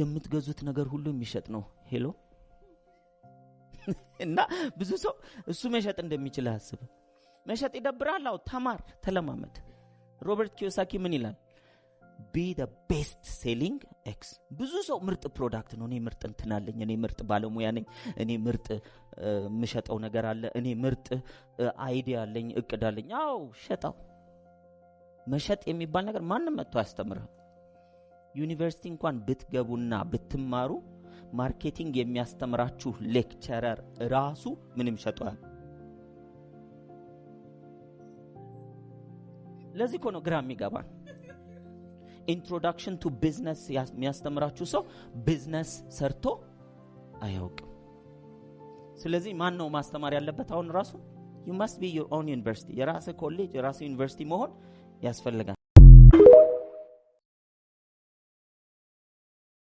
የምትገዙት ነገር ሁሉ የሚሸጥ ነው። ሄሎ እና ብዙ ሰው እሱ መሸጥ እንደሚችል አስብ። መሸጥ ይደብራል። አው ተማር፣ ተለማመድ። ሮበርት ኪዮሳኪ ምን ይላል? ቢ ቤስት ሴሊንግ ኤክስ። ብዙ ሰው ምርጥ ፕሮዳክት ነው፣ እኔ ምርጥ እንትናለኝ፣ እኔ ምርጥ ባለሙያ ነኝ፣ እኔ ምርጥ የምሸጠው ነገር አለ፣ እኔ ምርጥ አይዲያ አለኝ፣ እቅድ አለኝ። ሸጠው። መሸጥ የሚባል ነገር ማንም መጥቶ አያስተምርህም። ዩኒቨርሲቲ እንኳን ብትገቡና ብትማሩ ማርኬቲንግ የሚያስተምራችሁ ሌክቸረር ራሱ ምንም ሸጧል ለዚህ ኮኖ ነው ግራ ኢንትሮዳክሽን ቱ ቢዝነስ የሚያስተምራችሁ ሰው ቢዝነስ ሰርቶ አያውቅም። ስለዚህ ማን ነው ማስተማር ያለበት? አሁን ራሱ ዩ ማስት ቢ ዩር ኦን ዩኒቨርሲቲ፣ የራስ ኮሌጅ የራስ ዩኒቨርሲቲ መሆን ያስፈልጋል።